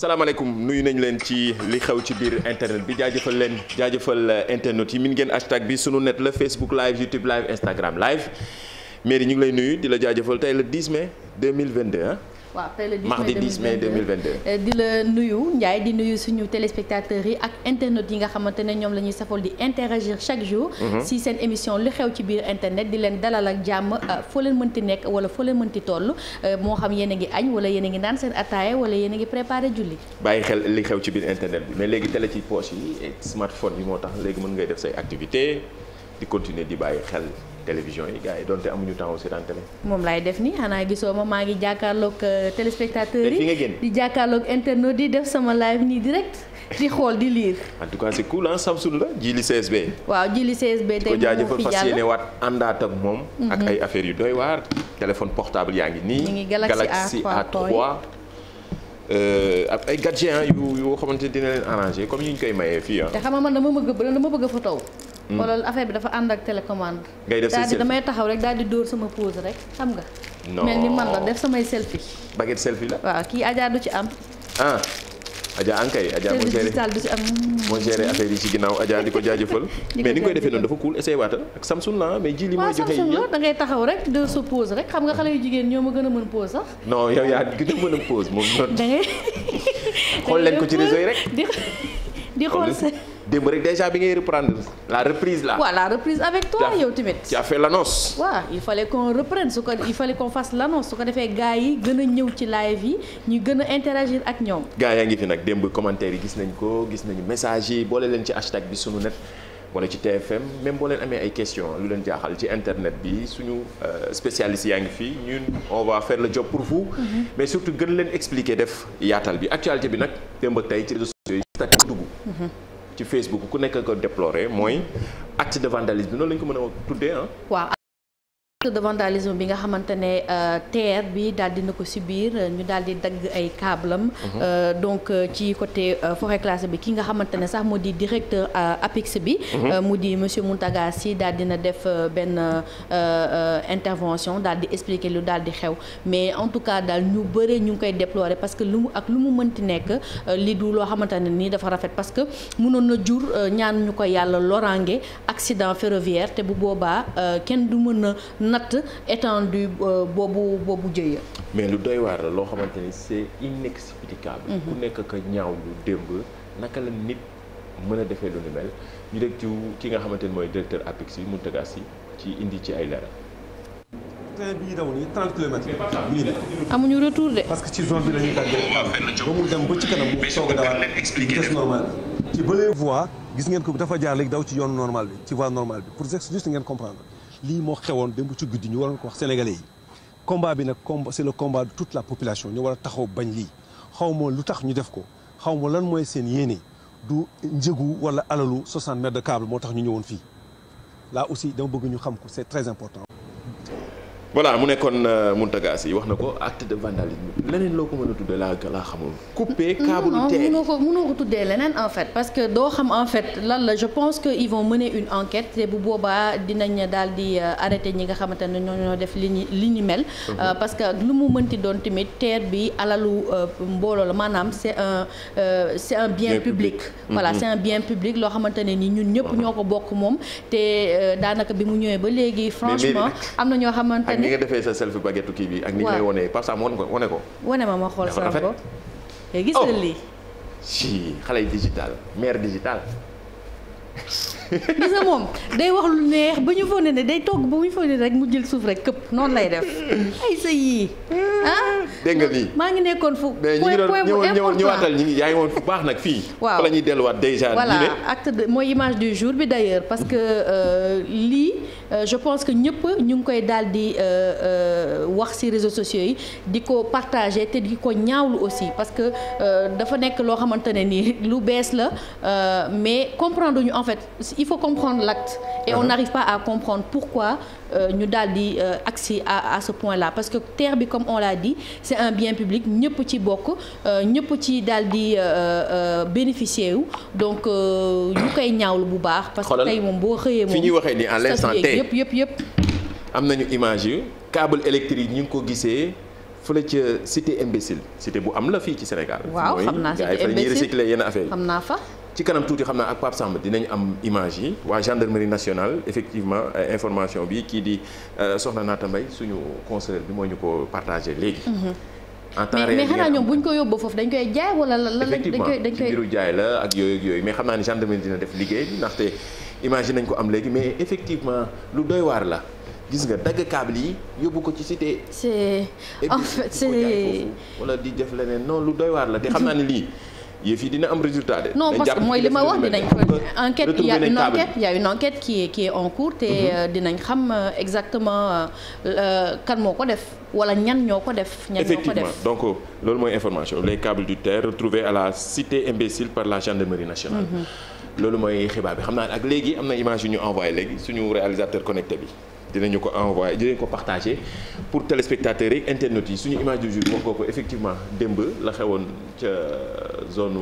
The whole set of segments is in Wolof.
salaamaaleykum nuyu nañ leen ci li xew ci biir internet bi jaajëfal leen jaajëfal eh, internet yi min ngeen hashtag bi sunu net la Facebook live YouTube live Instagram live Merry ñu ngi lay nuyu di la jaajëfal tey le 10 mai 2022 hein waaw après le 10 mardi 10 mai eh, di la nuyu Ndiaye di nuyu suñu téléspectateurs yi ak internet yi nga xamante ne ñoom la ñuy safal di interagir chaque jour. Mhm. si seen émission li xew ci biir internet di leen dalal ak jàmm euh, foo leen mënti nekk wala foo leen mënti toll euh, moo xam yéen a ngi añ wala yéen a ngi naan seen ataaya wala yéen a ngi préparé julli. bàyyi xel li xew ci biir internet bi mais léegi télé ci poche yi smartphone yi moo tax léegi mën ngay def say activité di continuer di bàyyi xel. télévision yi gars yi donte amuñu temps aussi moom laay def nii xanaa gisoo ma maa ngi jàkkaarloog euh, téléspectateurs yi fi nga génn di jàkkaarloog internet di def sama live nii direct di xool di lire. en tout cas c'est cool ah Samsung la Jili CSB. waaw Jili CSB tey moom moo waat àndaat ak moom. Mhm. ak ay affaire yu doy waar. téléphone portable yaa ngi nii. ngi Galaxy A3 euh, ak ay gadget yu yoo xamante dina leen arrangé comme ñu koy mayee fii ah. te xam nga man dama bëgg dama bëgg fa taw. Mm. wala affaire bi dafa ànd ak télécommande. ngay def selfie taxaw rek daal di dóor sama pose rek xam nga. non mel ni man la def samay selfie. baguette selfie la. waaw kii ajaar du ci am. ah Adja ankay Adja moo géré digital du ci am. moo géré affaire yi ci ginnaaw Adja di ko jaajëfal. mais ni nga koy defee noonu dafa cool essayé waatal ak Samsung la mais ji li mooy joxe yi waaw Samsung taxaw rek dóor sa pose rek xam nga xale yu jigéen ñoo ma gën a mën pose sax. non yow yaa gën a mën a pose moom noonu. da ngay xool leen ko ci réseau yi rek. di xool démb rek déjà bi ngay reprendre la reprise là. waaw la reprise avec toi yow tamit. tu as fait l'annonce. waaw il fallait qu'on reprenne su ko il fallait qu'on fasse l'annonce su ko defee gars yi gën a ñëw ci live yi ñu gën a interagir ak ñoom. gars yaa ngi fi nag démb commentaire yi gis nañ ko gis nañu message yi boole leen ci hashtag bi sunu net wala ci TFM même boo amee ay questions lu leen jaaxal ci internet bi suñu euh, spécialiste yaa ngi fii ñun on va fair la job pour vous. Mm-hmm. mais surtout gën leen expliquer def yaatal bi actualité bi nag démb tey ci réseaux sociaux yi dugg. Mm-hmm. ci Facebook ku nekk ko déploré mooy acte de vandalisme noonu la ñu ko mën a tuddee ah. acte de vandalisme bi nga xamante ne euh, TER bi daal dina ko subir ñu daal di dagg ay câblam mhm. euh, donc euh, ci côté forêt classée bi ki nga xamante ne sax mu di directeur APIX bi mhm. mu di monsieur Mountaga Sy daal dina def benn intervention daal di expliquer lu daal di xew mais en tout cas daal ñu bëre ñu ngi koy déplorer parce que lu mu ak lu mu mënti nekk li du loo xamante ne nii dafa rafet parce que mënoon na jur ñaan ñu ko yàlla loraange accident ferroviaire te bu boobaa kenn du mën natt étendue euh, boobu boobu jëye mais lu doy waar la loo xamante ni c'est inexplicable mhm. ku nekk ka ñaaw lu démb naka la nit mën a defee lu ni mel ñu dégg ci ki nga xamante ni mooy directeur APIX yi Mountaga Sy ci indi ci ay leeral train bi ñu daw nii 30 kilomètres la. amuñu retour parce que ci zone bi la ñuy tàggee ba dem ba ci kanam mu soog a dawaat vitesse normale bi. ci bële voie gis ngeen ko dafa jaar léegi daw ci yoon normal bi ci voie normale bi pour juste ngeen comprendre. lii moo xewoon démb ci guddi ñu waroon ko wax sénégalais yi combat bi nag combat c'est le combat de toute la population ñu war a taxaw bañ lii xaw ma lu tax ñu def ko xaw ma lan mooy seen yéene du njëgu wala alalu 60 mètres de câble moo tax ñu ñëwoon fii là aussi dama bëgg ñu xam ko c'est très important voilà mu nekkoon euh, Mountaga Sy wax na ko acte de vandalisme leneen loo ko mën a tuddee laa laa xamul. coupé câble terre non non noo ko mënoo ko tuddee leneen en fait parce que doo xam en fait lan la je pense que ils vont mener une enquête te bu boobaa dinañ daal di euh, arrêté ñi nga xamante ne ñoo ñoo def li ñu li ñu mel. Mhm. Euh, parce que lu mu mënti doon tamit terre bi alalu mbooloo la maanaam c'est un c'est un bien public. voilà mhm. c'est un bien public loo xamante ne ni ñun ñëpp mhm. ñoo ko bokk moom te daanaka bi mu ñëwee ba léegi. franchement ni nga defee sa selfie baguette kii bi ak ni ngay wonee Pape Sam ko wone ko. wone ma ma xool sama bopp te eh, gis nga oh. lii. si xale digital mère digital. gis moom day wax lu neex ba ñu foog ne ne day togg ba muy foog ne rek mu jël suuf rek këpp noonu lay def ay sa yii ah. dégg lii maa ngi nekkoon fu. point ñu bu important ñëwaatal ñi ngi yaa ngi woon fu baax nag fii. waaw fa ñuy delluwaat déjà. ñu ne voilà acte de mooy image du jour bi d'ailleurs parce que euh, lii. Euh, je pense que ñëpp ñu ngi koy daal di euh, euh, wax ci réseaux sociaux yi di ko partager te di ko ñaaw lu aussi parce que dafa nekk loo xamante ne nii lu bees la mais comprendre ñu en fait il faut comprendre l'acte et on uh-huh. n'arrive pas à comprendre pourquoi Euh, ñu daal di euh, agsi à à ce point là parce que terre bi comme on l'a dit c'est un bien public ñëpp ci bokk euh, ñëpp ci daal di bénéficier wu donc ñu koy ñaawlu bu baax. parce que tey moom boo xëyee moom fi ñuy waxee ni à l'instant T yëpp yëpp yëpp. am nañu image yu câble électrique ñu ngi ko gisee. fële ci cité imbécile cité bu am la fii ci Sénégal. waaw xam naa cité imbécile mooy gars yi fa la xam naa fa. ci kanam tuuti xam naa ak Pape Samb dinañ am image yi waa gendarmerie nationale effectivement euh, information bi kii di euh, soxna Naata Mbaye suñu conseiller bi moo ñu ko partagé léegi. Mhm. en temps réel ñoom bu ñu ko yóbboo foofu dañ koy jaay wala lan la dañ koy dañ koy jaay la ak yooyu yooyu mais xam naa ne gendarmerie dina def liggéey ndaxte image nañ ko am léegi mais effectivement lu doy waar la gis nga dagg câble yi yóbbu ko ci cité. c'est en c'est wala di def leneen non lu doy la te xam naa lii. yëf yi dina am résultat de. non parce que mooy li ma wax dinañ ko enquête il a une enquête il y a en cours te mm-hmm. euh, dinañ xam euh, exactement euh, kan moo ko def wala ñan ñoo ko def. ñan ñoo ko def donc loolu mooy information les câbles du terre retrouvés à la cité imbécile par la gendarmerie nationale. Mm-hmm. loolu mooy xibaar bi xam naa ak léegi am na image yu ñu envoyé léegi suñu réalisateur connecté bi. dinañu ko envoye dinañ ko partagé pour téléspectateurs yi internet yi suñu image du jour wax nga ko effectivement démb la xewoon ca zone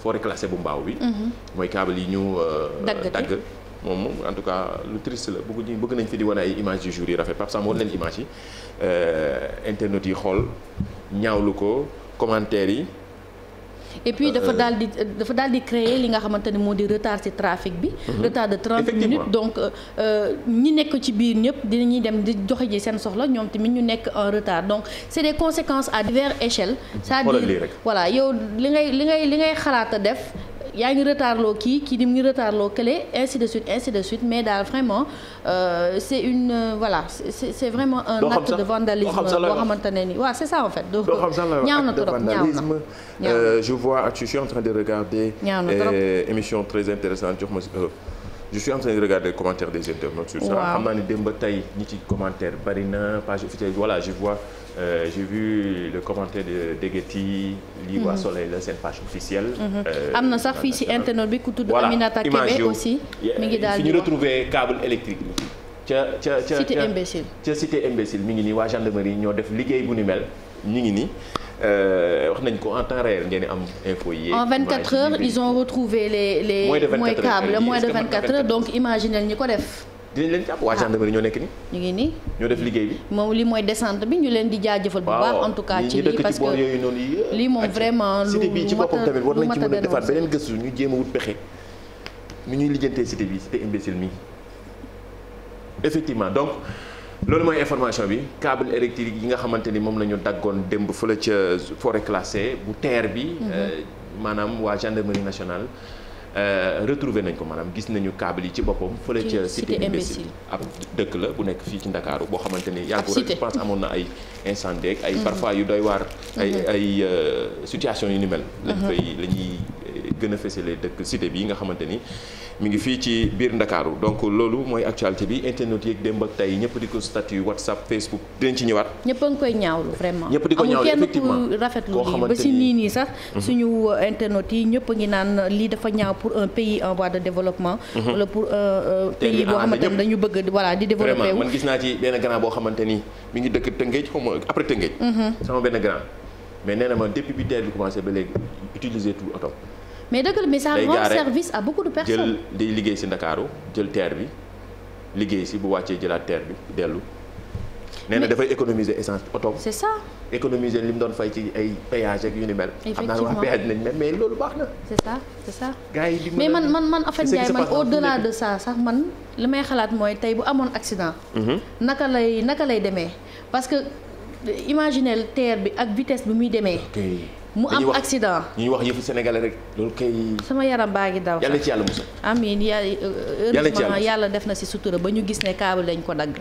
forêt classée bu mbaaw bi. Mhm. mooy câble yi ñu. Euh, dagg moom en tout cas lu triste la bëgg ñu bëgg nañ fi di wane ay image du jour yi rafet Pape Sam wan leen image yi euh, internet yi xool ñaawlu ko commentaire yi. et puis dafa euh, daal di dafa daal di créer li nga xamante ne moo di retard ci trafic bi. Mhm. retard de 30 minutes donc euh, euh, ñi nekk ci biir ñëpp dinañuy dem di joxe ji seen soxla ñoom tamit ñu nekk un retard donc c'est des conséquences à diverses échelles. c'est-à-dire voilà yow li ngay li ngay li ngay xalaat a def. yaa ngi retardloo kii kii di mu ngi retardloo kële ainsi de suite ainsi de suite mais daal vraiment euh, c' est une euh, voilà c' est c' est vraiment un acte de vandalisme boo xamante ne ni waaw c' est ça en fait doo xam sax la ñaaw na trop ñaaw na euh, je vois je suis en train de regarder ñaaw na trop euh, émission très intéressante jox ma euh, je suis en train de regarder les commentaires des internautes sur ça xam naa ne démb ba ci commentaire bari na page officielle voilà je vois Euh, j'ai vu le commentaire de Deguety lii waa mhm. Soleil la seen page officielle. Mhm. Euh, am na sax fii ci internet bi ku tudd Aminata Kébé aussi. mi ngi daal di wax fi ñu retrouvé câble électrique bi. ca ca ca cité imbécile. ca cité imbécile mi ngi ni waa gendarmerie ñoo def liggéey bu ni mel ñu ngi ni euh, wax nañ ko en temps réel ngeen am info yi. en 24 heures ils ont retrouvé les les. moins de 24 heures heures donc imaginer ñi ko def. dinañ leen jàpp waa ah. gendarmerie ñoo nekk ni ngi nii ñoo def liggéey bi moom li mooy descente bi ñu leen di jaajëfal bu baax en tout cas ci lii parce que yooyu noonu yi lii moom vraiment cité bi ci boppam tamit war nañ ci mën a defaat beneen gëstu ñu jéem a wut pexe nu ñuy lijjantee cité bi cité imbécile mi effectivement donc loolu mooy information bi câble électrique yi nga xamante ni moom la ñu daggoon démb fële ca forêt classée bu terre bi mhm. euh, maanaam waa gendarmerie nationale Euh, retrouver nañ ko maanaam gis nañu câble yi ci boppam fële ca cité imbécile ab dëkk la bu nekk fii ci Ndakaaru boo xamante ni yàgg war amoon na ay incendie ay mm-hmm. parfois yu doy waar ay mm-hmm. ay euh, situation yu ni mel mm-hmm. lañ fay la ñuy euh, gën a fësalee dëkk cité bi nga xamante ni mi ngi fii ci biir Ndakaaru donc loolu mooy actualité bi internet yeeg démb ak tey ñëpp di ko statut WhatsApp Facebook dinañ ci ñëwaat. ñëpp a ngi koy ñaawlu vraiment. ñëpp di ko ñaawlu effectivement amul kenn ku ba si nii nii mhm. euh, pour un pays en voie développement. Mhm. wala pour un euh, euh, pays boo xamante ne dañu bëgg voilà di développé man gis naa ci benn grand boo xamante ni mi ngi dëkk Tëngéej xaw ma après Tëngéej. Mhm. sama benn grand mais nee na ma bi tey bi commencé ba léegi utiliser tout oto. mais dëgg la mais ça rend service à beaucoup de jël di liggéey si Ndakaaru jël terre bi liggéey si bu wàccee jëlaat terre bi dellu. nee na dafay économiser essence oto. c'est ça économiser li mu doon fay ci ay péage ak yu ni mel. effectivement xam naa ne nañ mel mais loolu baax na. c'est ça c'est ça. gars man man man Afan Ndiaye de ça sax man li may xalaat mooy tey bu amoon accident. Mhm. naka lay naka lay demee parce que imaginez terre bi ak vitesse bi muy demee. mu am accident ñuy wax yëfu sénégalais rek loolu kay. sama yaram baa ngi daw yàlla ci yàlla musal. amiin euh, euh, yàlla def na si sutura ba ñu gis ne câble dañ ko dagg.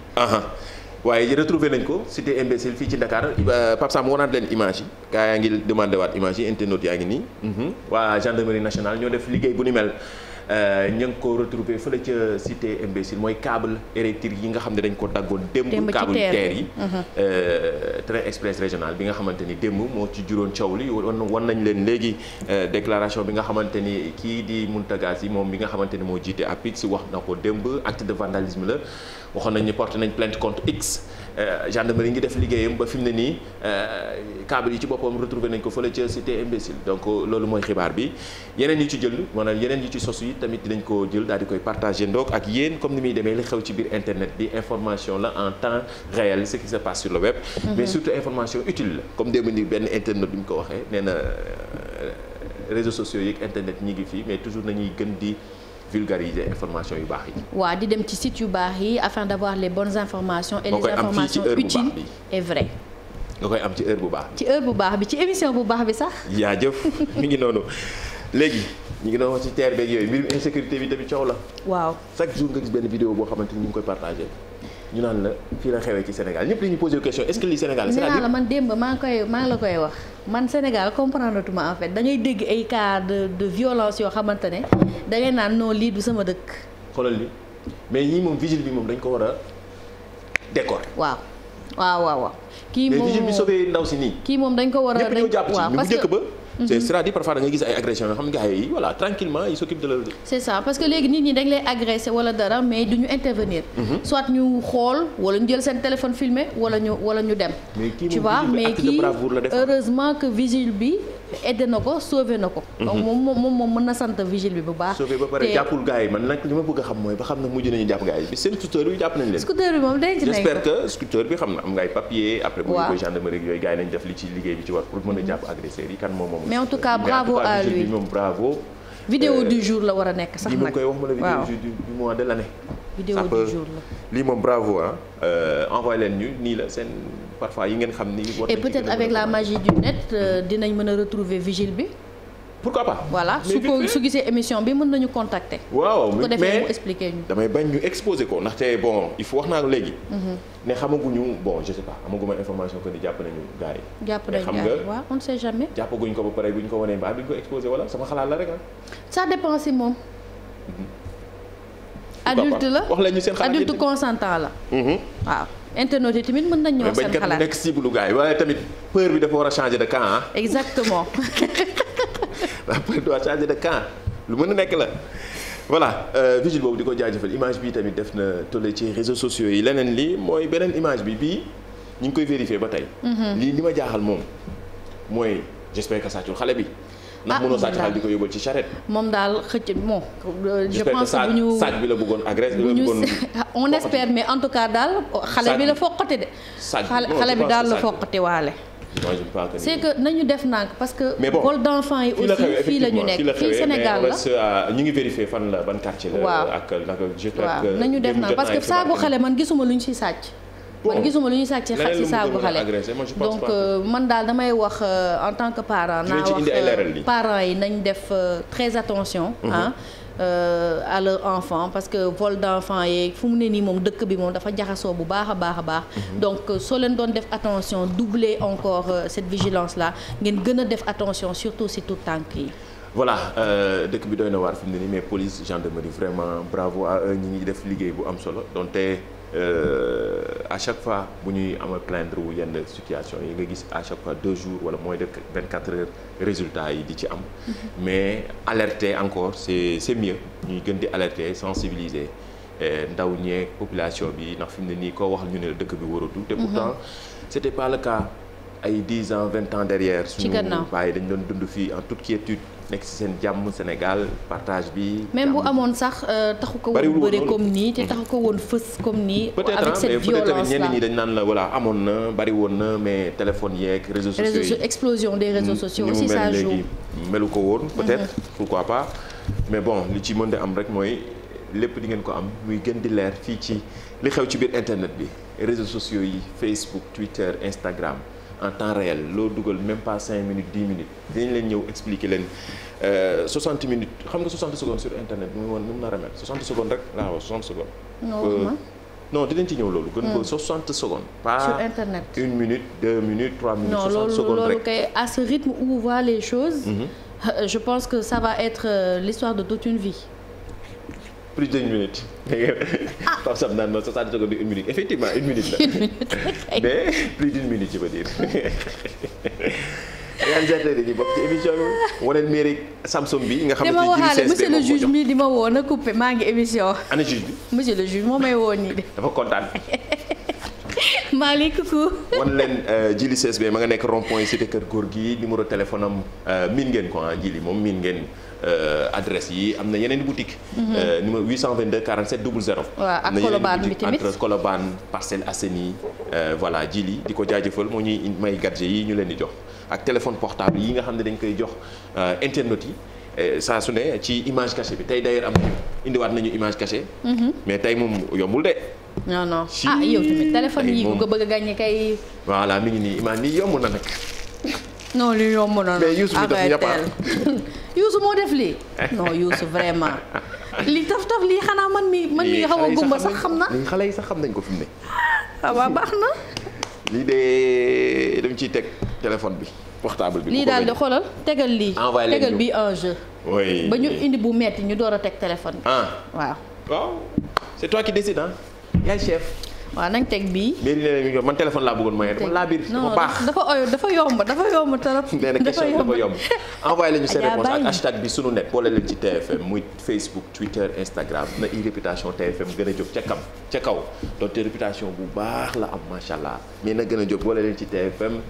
waaye retrouvé nañ ko cité imbécile fii ci Dakar euh, Pape Sam wanaat leen image yi gaa yaa ngi demandé waat image yi internautes yaa ngi nii. Mhm. waa gendarmerie nationale ñoo def liggéey bu ni mel. Euh, ña ngi ko retrouver fële ca cité imbécile mooy câble électrique yi nga xam ne dañ ko daggoon démb câble terre yi mhm. euh, train express régional bi nga xamante ni démb moo ci juróon coow li wan nañ leen léegi euh, déclaration bi nga xamante ni kii di Mountaga Sy moom bi nga xamante ni moo jiite si wax na ko démb acte de vandalisme la waxoon nañ ni porte nañ plainte contre X Euh, gendarmerie ngi def liggéeyam ba fi mu ne nii euh, câble yi ci boppam retrouvé nañ ko fële ca cité imbécile donc euh, loolu mooy xibaar bi yeneen yi ci jël maanaam yeneen yi ci sos yi tamit dinañ ko jël daal di koy partagé ndoog ak yéen comme ni muy demee li xew ci biir internet bi information la en temps réel ce qui se passe sur le web mhm. mais surtout information utile la comme démb ni benn internet bi ñu ko waxee nee na réseaux sociaux yi internet ñi ngi fii mais toujours nañuy gën di vulgariser information yu baax yi. waaw di dem ci site yu baax yi afin d'avoir les bonnes informations. et les informations utiles et vraies. nga koy am ci heure bu baax bi. ci heure bu baax bi ci émission bu baax bi sax. yaa jëf mi ngi noonu léegi ñu ngi doon wax ci teer beeg yooyu mbirum insécurité bi tamit coow la. waaw chaque jour nga gis benn vidéo boo xamante ni ñu koy partagé. ñu naan la fii la xewee ci Sénégal ñëpp dañuy posé question est-ce que lii Sénégal nee naa la man démb maa ngi koy maa la koy wax man Sénégal comprendre tuma en fait da dégg ay cas de de violence yoo xamante ne da naan non lii du sama dëkk xoolal li mais ñii moom vigile bi moom dañ ko war a décor waaw waaw waaw waaw kii moom mu bi sauvé ndaw si nii kii moom dañ ko war a ñëpp ñoo jàpp ci bu jëkk ba Mm-hmm. c'est-à-dire parfois da nga gis ay agression yoo xam nga ay voilà tranquillement ils s'occupent de leur c'est ça parce que léegi nit ñi dañ lay agressé wala dara mais du ñu intervenir mm-hmm. soit ñu xool wala ñu jël seen téléphone filmé wala ñu wala ñu dem tu vois mais kii heureusement que vigile bi aidé na ko sauvé na ko. Mhm. donc moom moom moom mën na sant vigile bi bu baax. sauvé ba pare jàppul gars yi man nag li ma bëgg a xam mooy ba xam ne mujj nañu jàpp gars yi bi seen scooter bi jàpp nañ leen. scooter bi moom denc nañ que scooter bi xam na am ngay papier. après bu ñu koy gendarmerie yooyu gars nañ def li ci liggéey bi ci war pour mën a jàpp agresseurs yi kan moom moom. mais en bravo à lui moom bravo. vidéo euh, du jour la war a nekk sax nag koy wax ma la vidéo du mois de l'année vidéo du jour la lii moom bravo ah leen ñu nii la seen parfois yi ngeen xam ni. et peut-être avec la magie du net euh, dinañ mën a retrouver vigile bi. pourquoi pas. voilà su ko su gisee émission bi mën nañu contacter. waaw mais ko defee mu expliquer ñu. damay bañ ñu exposer ko ndaxte bon il faut wax naa léegi. Mhm. ne xamaguñu bon je sais pas amaguma information que ni jàpp nañu gars yi. jàpp nañu gars yi waaw on ne sait jamais. jàppaguñ ko ba pare buñ ko wanee mbaa duñ ko exposer wala sama xalaat la rek ah. ça dépend si moom. Mhm. adulte la wax lañu seen xalaat adulte consentant la. Mhm. waaw. internautes yi tamit mën nañu wax seen xalaat mais bañkat nekk cible gars yi wala tamit peur bi dafa war a changer de camp ah. exactement. après lu mën a nekk la voilà euh, vigile boobu di ko jaajëfal image bi tamit def na tolle ci réseaux sociaux yi leneen li mooy beneen image bi bii ñu ngi koy vérifier ba tey. Mhm. lii li ma jaaxal moom mooy j'espère que sàccul xale bi. ndax ah, mënoo sàcc xale di ko yóbbal ci charrette. moom daal xëcc bon. je pense que bi la bëggoon agresse bi la bëggoon on espère mais en tout cas daal. xale bi la foqate de. xale bi daal la foqate waale. c'est que nañu def nànk parce que. mais bon yi aussi fii la ñu nekk fii Sénégal la euh, ñu ngi vérifier fan la ban quartier la. ak naka waaw euh, nañu def nànk parce que saagu xale man gisuma lu ñu ci sàcc. man gisuma lu ñu sàcc ci xaj ci saagu xale donc euh, man daal damay wax en tant que parent. naa wax parent yi nañ def très attention mhm. Euh, à leur enfant parce que vol d'enfant yeeg fu mu ne nii moom dëkk bi moom dafa jaxasoo bu baax a baax a baax mhm. donc euh, soo leen doon def attention doubler encore euh, cette vigilance là ngeen gën a def attention surtout si tout tànk yi voilà dëkk bi doy na waar fi mu ne nii mais police gendarmerie vraiment bravo à eux ngi def liggéey bu am solo donte Euh, à chaque fois bu ñuy ama plaindre wu yenn situation yi nga gis à chaque fois deux jours wala moins de vingt quatre heures résultat yi di ci am mais alerte encore c'est c'est mieux ñuy gën di alerte sensibiliser euh, ndaw ñeeg population bi ndax fi mu ne nii ko wax ñu ne dëkk bi waratu te pourtant mm-hmm. c'était pas le cas ay dix ans vingt ans derrière suñu bàyyi dañu doon dund fii en toute quiétude nekk ci seen jàmm Sénégal partage bi. même bu amoon sax euh, taxu ko woon bëre comme nii te mm-hmm. taxu ko woon fës comme nii. avec cette violence là peut-être ñenn ñi dañ naan la voilà amoon na bariwoon na mais téléphone yeeg réseaux sociaux yi. explosion des réseaux mm-hmm. sociaux aussi ça melu ko woon. Mm-hmm. peut-être quoi pas mais bon li ci mën di am rek mooy lépp di ngeen ko am muy gën di leer fii ci li xew ci biir internet bi réseaux sociaux yi Facebook Twitter Instagram. en temps réel loo dugal même pas 5 minutes 10 minutes dinañ leen ñëw expliquer leen 60 euh, minutes xam nga 60 secondes sur internet mu ngi woon nu mu nar a mel 60 secondes rek laa wax 60 secondes. non euh, non dinañ ci ñëw loolu. gën ko 60 secondes. pas sur internet une minute deux minutes trois minutes. Non, 60 rek à ce rythme où on les choses. Mhm. Euh, je pense que ça va être l'histoire de toute une vie. plus de minute. ah Pape Sam naan ma soixante secondes une minute effectivement une minute la. mais plus minute je veux dire. réalisateur yi ci émission bi waneen mairie Samsung bi nga xam ne dama le juge mii di ma woo na coupé maa ngi émission. ana juge bi monsieur le juge moo may woo nii de. dafa kontaan. Malick coucou. wan leen Djily euh, CSB ma nga nekk rond point cité kër góor gi numéro téléphone am euh, miin ngeen ko ah Djily moom miin ngeen. Euh, adresse yi am na yeneen boutique mhm. euh, numéro 822 47 00 am na yeneen entre Colobane Parcelles Assainies euh, voilà Djily di ko jaajëfal moo ñuy may gadget yi ñu leen di jox ak téléphone portable yi nga xam ne dañ koy jox internet yi saa su ne ci image cachée bi tey d'ailleurs am nañu indiwaat nañu image cachée mhm. mais tey moom yombul de non non ah yow tamit yi ku ko bëgg a gagné kay voilà mi ngi nii image nii yomb na nag non li yomb na moo def lii non Youssou vraiment li taf taf lii xanaa man mi man mi xaw a gumba sax xam na xale yi sax xam nañ ko fi mu ne ah, waaw baax na lii de dem ciy teg téléphone bi portable bi lii daal di xoolal tegal lii tegal bi en jeu ba ñu indi bu metti ñu door a teg téléphone bi ah. waaw waaw c'est toi qui décide yaay chef waaw nañ teg bii. mais lii nee nañ man téléphone laa bëggoon maye. laa biir dafa baax dafa oyo dafa yomb dafa yomb trop. nee na question dafa yomb. envoyé leen ñu seen réponse ak hashtag bi sunu net boole leen ci TFM muy Facebook Twitter Instagram na i réputation TFM gën a jóg ca kam ca kaw donte réputation bu baax la am macha allah mais na gën a jóg boole leen ci TFM.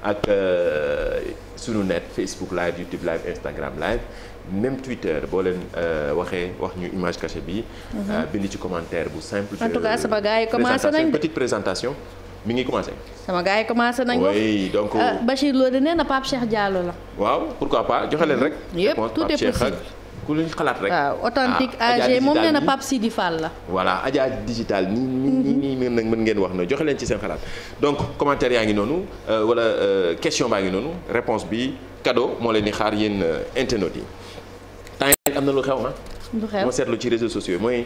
ak euh, sunu net Facebook live YouTube live Instagram live même Twitter boo leen euh, waxee wax ñu image cachée bi. Mhm. Euh, bind ci commentaire bu simple. en tout cas sama gars yi commencé nañ petite présentation mi ngi commencé. sama gars yi commencé nañ ko oui donc. Bachir Lodé nee na Pape Cheikh Diallo la. waaw pourquoi pas joxe leen mhm. rek. yëpp tout est possible ku luñ xalaat rek. waaw ah, authentique AG moom nee na Pape Sidi Fall la. voilà Adja digital ni ni nii nii mën ngeen wax na joxe leen ci seen xalaat donc commentaire yaa ngi noonu euh, wala euh, question baa ngi noonu réponse bi cadeau moo leen di xaar yéen euh, internautes yi. temps am na lu xew ah. ma seetlu ci réseaux sociaux yi mooy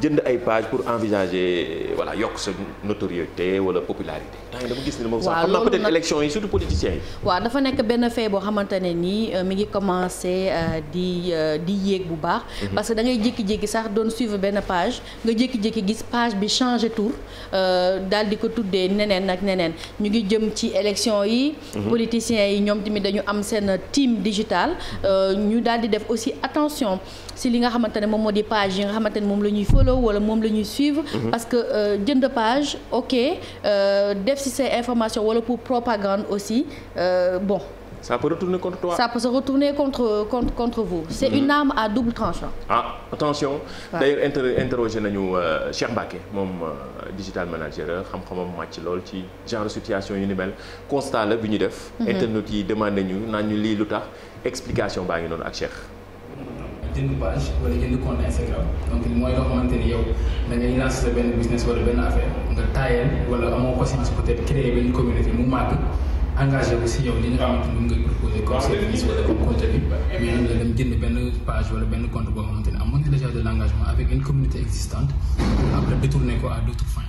jënd ay page pour envisager voilà yokk sa notoriété wala popularité temps yi dama gis ni moom sax xam naa peut-être élection yi dafa nekk benn fait boo xamante ne nii euh, mi ngi commencé euh, di euh, di yéeg bu baax mhm. parce que da ngay jékki-jékki sax doon suivre benn page nga jékki-jékki gis page bi changé tour daal di ko tuddee neneen ak neneen ñu ngi jëm ci élection yi mhm. politiciens yi ñoom tamit dañu am seen team digital mhm. ñu daal di def aussi attention si li nga xamante xamante ne moom moo di page yi nga xamante ne moom la ñuy follow wala moom la ñuy suivre. Mm-hmm. parce que euh, jënd page ok euh, def si say information wala pour propagande aussi euh, bon. ça peut retourner contre toi. ça peut se retourner contre contre contre vous. c'est mm-hmm. une arme à double tranchant. ah attention. waaw d'ailleurs inter interrogé nañu Cheikh Mbacké moom digital manager xam-xamam màcc lool ci genre situation yu ni mel constat la bi ñu def. Mm-hmm. internet yi demandé ñu naan ñu lii lu tax explication baa ngi noonu ak Cheikh. jënd page wala jënd compte Instagram donc mooy loo xamante ni yow da ngay lancer sa benn business wala benn affaire nga taayal wala amoo patience peut-être créer benn communauté mu màgg engagé wu si yow li nga xamante ni nga proposé comme service wala comme contenu mais nga dem jënd benn page wala benn compte boo xamante ni amoon na déjà de l'engagement avec une communauté existante pour après détourner ko à d'autres fins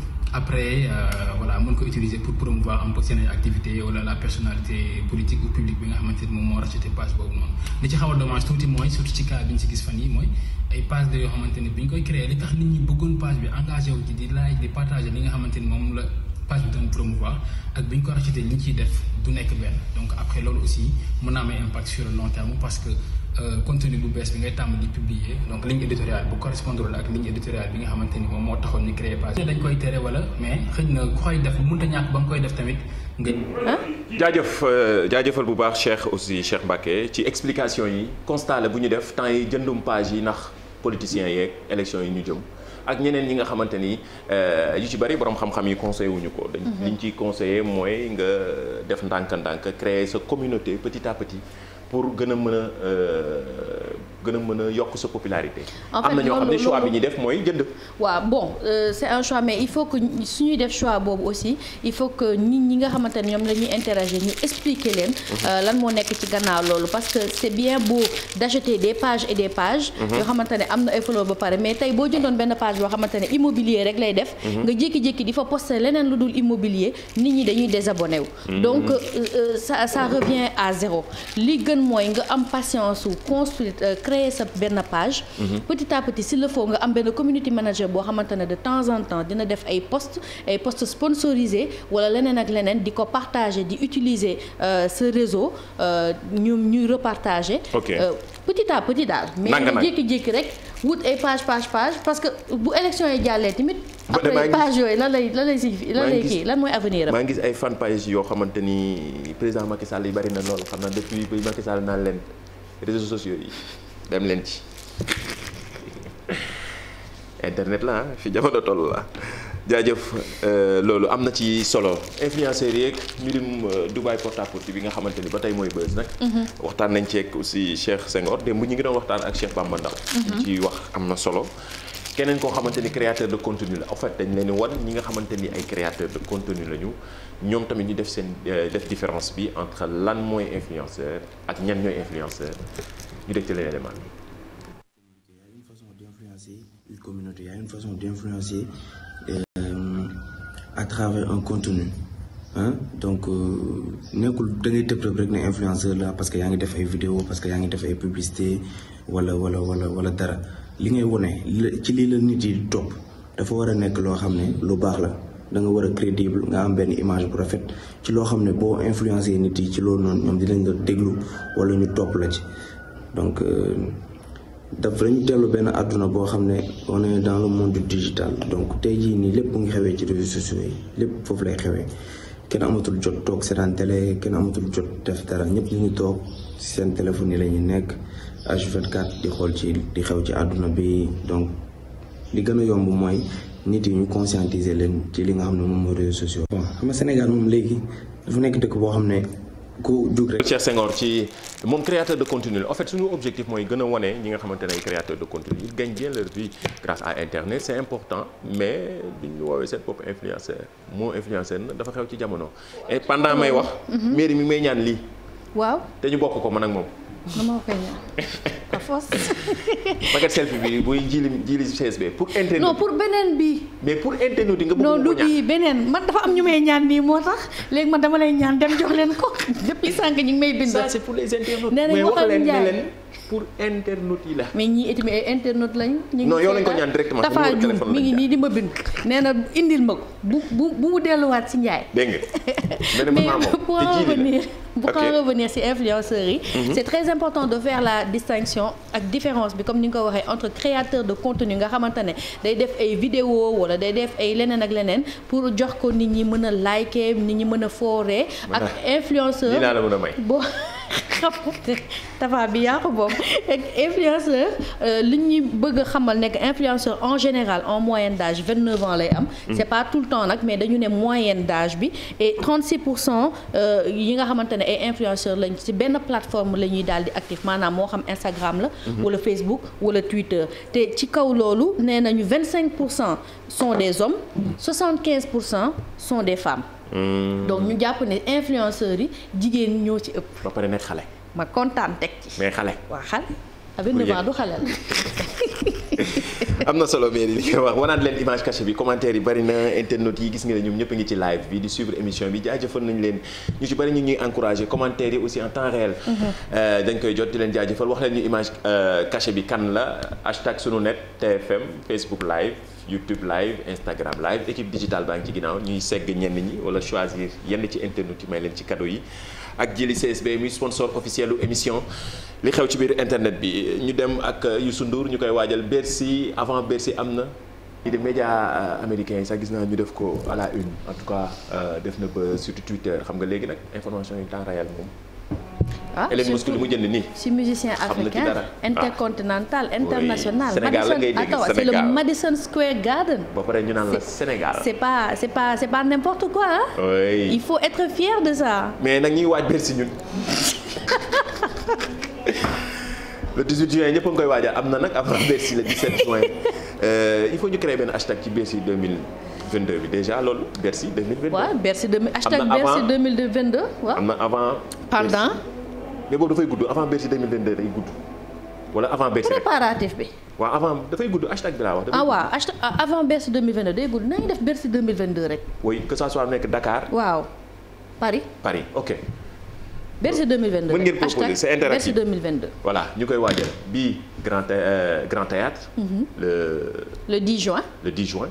après euh, voilà mën ko utiliser pour promouvoir un peu seen activité wala la personnalité politique ou publique bi nga xamante ni moom moo racheté page boobu noonu li ci xaw a dommage tuuti mooy surtout ci cas bi ñu si gis fan yi mooy ay page yoo xamante ni bi ñu koy créé li tax nit ñi bëggoon page bi engagé wu ci di like di partager li nga xamante ni moom la page bi doon promouvoir ak bi ñu ko racheté li ñu ciy def du nekk benn donc après loolu aussi mën naa am impact sur que Euh, contenu bu bees bi ngay tàmm di publier donc ligne éditoriale bu correspondre la ak ligne éditoriale bi nga xamante ni moom moo taxoon ñu créer page dañ koy tere wala mais xëy na ku koy def mënta ñàkk ba nga koy def tamit nga. jaajëf euh, jaajëfal bu baax Cheikh aussi Cheikh Mbacké ci explication yi constat bu ñu def temps yi jëndum page yi ndax politiciens yeeg élection yi ñu jëm ak ñeneen ñi nga xamante ni euh, yu ci bari borom xam-xam yi conseillé wuñu ko. dañ mhm. liñ ciy conseillé mooy nga def ndànk-ndànk créer sa communauté petit à petit. pour gën a mën a euh, gën a mën a yokk sa popularité. am na ñoo xam ne choix bi ñuy def mooy jënd. waaw bon euh, c'est un choix mais il faut que su ñuy def choix boobu aussi il faut que nit ñi nga xamante ñoom la ñuy ñu expliquer leen. Mhm. Euh, lan moo nekk ci gannaaw loolu parce que c'est bien beau d'acheter des pages et des pages. Mhm. yoo xamante am na ay follow ba pare mais tey boo jëndoon benn page boo xamante immobilier rek lay def. Mhm. nga jékki-jékki di fa poster leneen lu dul immobilier créer sa benn page. Mhm. petit à petit s'il le faut nga am benn community manager boo xamante de temps en temps dina def ay post ay post sponsorisé wala leneen ak leneen di ko partager di utiliser euh, ce réseau euh, ñu ñuy repartager. Euh, petit à petit daal. mais jékki-jékki rek wut ay page page page parce que bu élection yi jàllee tamit. après page yooyu lan lay lan lay si lan lay kii lan mooy avenir am. maa ngi ay fan page yoo xamante ni président Macky bari na lool xam na depuis Macky Sall yi. dem leen ci internet la fi jamono toll la jaajëf euh, loolu am na ci solo influenceurs yeeg mbirum euh, Dubaï porte à bi nga xamante ni ba tey mooy buzz nag. Mhm. waxtaan nañ ceeg aussi Cheikh Senghor démb ñu ngi doon waxtaan ak Cheikh Bamba Ndaw mhm. ci wax am na solo. keneen koo xamante ni créateur de contenu la en fait dañ leen wan ñi nga xamante ni ay créateur de contenu la ñu ñoom tamit ñu def seen euh, def différence bi entre lan mooy influenceur ak ñan ñooy influenceur. ñu dégg ci leneen élément bi. il y a une façon d'influencer une communauté il y a une façon d'influencer euh, à travers un contenu donc euh, nekkul da ngay tëb rek ne influenceur la parce que yaa ngi def ay video parce que yaa ngi def ay publicité wala wala wala wala dara li ngay wone ci lii la nit yi topp dafa war a nekk loo xam ne lu baax la da nga war a crédible nga am benn image bu rafet ci loo xam ne boo influencé nit yi ci loolu noonu ñoom dinañ la déglu wala ñu topp la ci. donc euh, daf lañu tellu benn àdduna boo xam ne on est dans le monde digital donc tey jii nii lépp mu ngi xewee ci réseaux sociaux yi lépp foofu lay xewee kenn amatul jot toog seetaan télé kenn amatul jot def dara ñëpp ñu ngi toog seen téléphone yi la ñuy nekk H24 di xool ci di xew ci àdduna bi donc li gën a yomb mooy nit yi ñu conscientiser leen ci li nga xam ne moom mooy réseaux sociaux. bon Sénégal moom léegi dafa nekk dëkk boo xam ne. ku jug rek. Cheikh ci moom créateur de contenu la en fait suñu objectif mooy gën a wane ñi nga xamante créateur de contenu ils gagnent bien leur vie grâce à internet c'est important mais duñu woowee seen bopp influenceur moo influenceur dafa xew ci jamono. et may wax. Mm-hmm. mairie mi may ñaan lii. waaw te ñu bokk ko man ak moom. nu ma koy ñaan à force. magat selfie bi buy jili jili CSB pour internet. non pour beneen bi. mais pour internet di nga bëgg. non du bii beneen man dafa am ñu may ñaan nii moo tax léegi ma dama lay ñaan dem jox leen ko depuis sànq ñu ngi may bind. ça c'est pour les internautes. mais wax leen ne leen pour internautes yi la. mais ñii itam ay internautes lañu. ñu ngi ko ñaan directement dafa ngi nii di ma bind. nee na indil ma ko bu bu mu delluwaat si Ndiaye. dégg nga mais pour revenir bu ko revenir si influenceurs yi. Mhm. c'est très important de faire la distinction ak différence bi comme ni nga ko waxee entre créateur de contenu nga xamante ne day def ay vidéo wala day def ay leneen ak leneen pour jox ko nit ñi mën a liker ni ñi mën a forer. ak influenceur dinaa la mën a may. rapporté tafa bi yaa ko boobu influenceur euh, li ñuy bëgg a xamal nekk influenceur en général en moyen d'âge vingt neuf ans lay am mm. c'est pas tout le temps nag mais dañu ne moyenne d'âge bi e trente six pour cent euh, yi nga xamante ne ay influenceur lañ ci benn plateforme la ñuy daal di actif maanaam moo xam Instagram la mm-hmm. wala Facebook wala Twitter te ci kaw loolu nee nañu vingt cinq pour cent sont des hommes mm. soixante quinze pour cent sont des femmes Mm. donc ñu jàpp ne influenceurs yi jigéen ñoo ci ëpp. ba pare nekk xale. ma kontaan teg ci. mais xale waa xale. avec neuf ans du xale la. am na solo mais li nga wax wanaat leen image cachée bi commentaire yi bari na internet yi gis nga ne ñoom ñëpp ngi ci live bi di suivre émission bi jaajëfal nañ leen ñu ci bari ñu ngi encouragé commentaire yi aussi en temps réel. Mm-hmm. Euh, dañ koy jot di leen jaajëfal wax leen ñu image euh, cachée bi kan la hashtag sunu net TFM Facebook live. YouTube live Instagram live équipe digitale baa ngi ci ginnaaw ñuy segg ñenn ñi wala choisir yenn ci internet yi may leen ci cadeau yi ak jëli CSB muy sponsor officiel émission li xew ci biir internet bi ñu dem ak Youssou Ndour ñu koy waajal Bercy avant Bercy am na li de médias euh, américains yi sax gis naa ñu def ko à la une en tout cas euh, def na ba surtout Twitter xam nga léegi nag information yi temps réel moom Ah, Elon Musk li mu jënd nii. si musicien africain intercontinental international. Sénégal la ngay dégg Sénégal c'est le Madison Square Garden. ba pare ñu naan la Sénégal. c'est pas c'est pas c'est pas n'importe quoi il faut être fier de ça. mais nag ñuy waaj Bercy ñun. le 18 juin ñëpp a ngi koy waajal am na nag avant Bercy le 17 juin euh, il faut ñu créer benn hashtag ci Bercy 2022 bi déjà loolu Bercy 2022. waaw Bercy 2022 hashtag Bercy am na avant. pardon. mais dafay gudd avant Bercy 2022 day gudd. wala avant Bercy préparatif bi. waaw avant dafay gudd hashtag bi laa wax. ah waaw hashtag ah, avant Bercy 2022 day gudd nañu def Bercy 2022 rek. oui que ça soit nekk Dakar. waaw Paris. Paris ok. Bercy 2022 mën ngeen proposer c'est interactif Bercy 2022. ñu koy waajal bii grand euh, grand théâtre mm le. le 10 juin. le 10 juin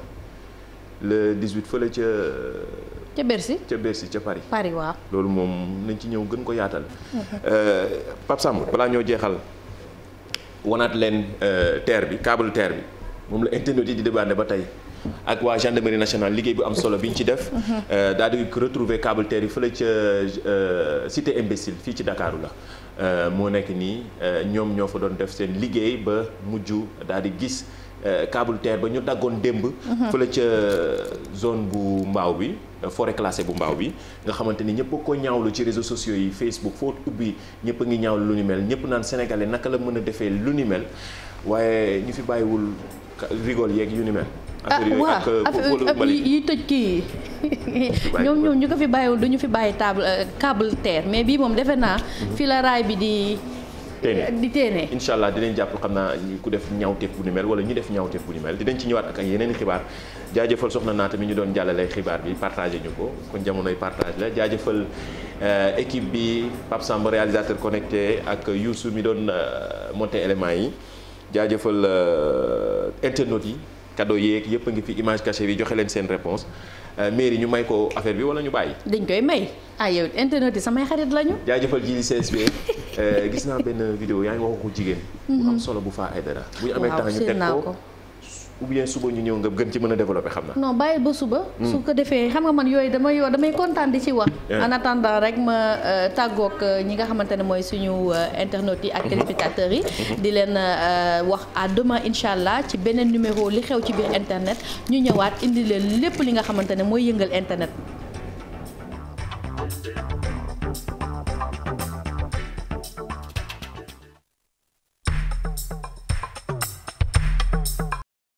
le 18 fële ca. Euh, ca Bercy ca Bercy ca Paris. Paris loolu moom nañ ci ñëw gën ko yaatal. Euh, Pape Samb balaa ñoo jeexal wanaat leen euh, terre bi câble terre bi moom la internet yi di débandé ba tey. ak waa gendarmerie nationale liggéey bu am solo bi ñu ci def. Mhm. Euh, daal di retrouver câble terre yi fële ca cité imbécile fii ci ndakaaru la. moo nekk nii ñoom ñoo fa doon def seen liggéey ba mujj daal di gis. Euh, câble terre ba ñu daggoon démb. Mhm. fële ca euh, zone bu mbaaw bi euh, forêt classée bu mbaaw bi nga xamante ni ñëpp ko ñaawlu ci réseaux sociaux yi Facebook foo ubbi ñëpp a ngi ñaawlu lu ni mel ñëpp naan sénégalais naka la mën a defee lu ni mel waaye ñu fi bàyyiwul rigole yeeg yu ni mel. ah waaw ak yi tëj kii ñoom ñoom ñu ko fi bàyyiwul du ñu fi bàyyi table câble terre mais bii moom defe naa. Mhm. fi bi di. di téene incha allah dinañ jàpp xam naa ñu ku def ñaawteef bu ni mel wala ñu def ñaawteef bu ni mel dinañ ci ñëwaat ak ay yeneen xibaar jaajëfal soxna naata mi ñu doon jàllale xibaar bi partagé ñu ko kon jamonoy partage la jaajëfal euh, équipe bi Pape Samb réalisateur connecté ak Youssou mi doon euh, monté éléments yi jaajëfal euh, internautes yi cadeau yeeg yëpp a ngi fi image cachée bi joxe leen seen réponse Euh, mairie ñu may ko affaire bi wala ñu bàyyi. dañ koy may ay ah, yow internet yi samay xarit lañu. jaajëfal ji li CSB euh, gis naa benn vidéo yaa ngi wax ko jigéen. Mhm. bu am solo bu faa ay dara. bu ñu amee temps ñu teg ko ou bien suba ñu ñëw nga gën ci mën a développer xam na non bàyyil ba suba hmm. su ko defee xam nga man yooyu damay yoo damay kontaan di ci wax eh. en attendant rek ma euh, tàggoog euh, ñi nga xamante ne mooy suñu euh, internautes yi ak mhm. téléspectateurs yi mhm. di leen wax à demain incha allah ci beneen numéro li xew ci biir internet ñu ñëwaat indi leen lépp li nga xamante ne mooy yëngal internet